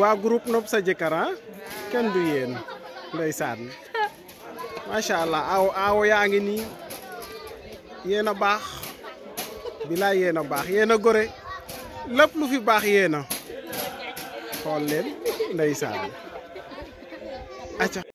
waa groupe nopp sa jëkkër ah kenn du yéen ndeysaan macha allah aaw aaw yaa ngi nii yéen baax bilaay yéen a baax yéen a gore lépp lu fi baax yéen a xool leen ndeysaan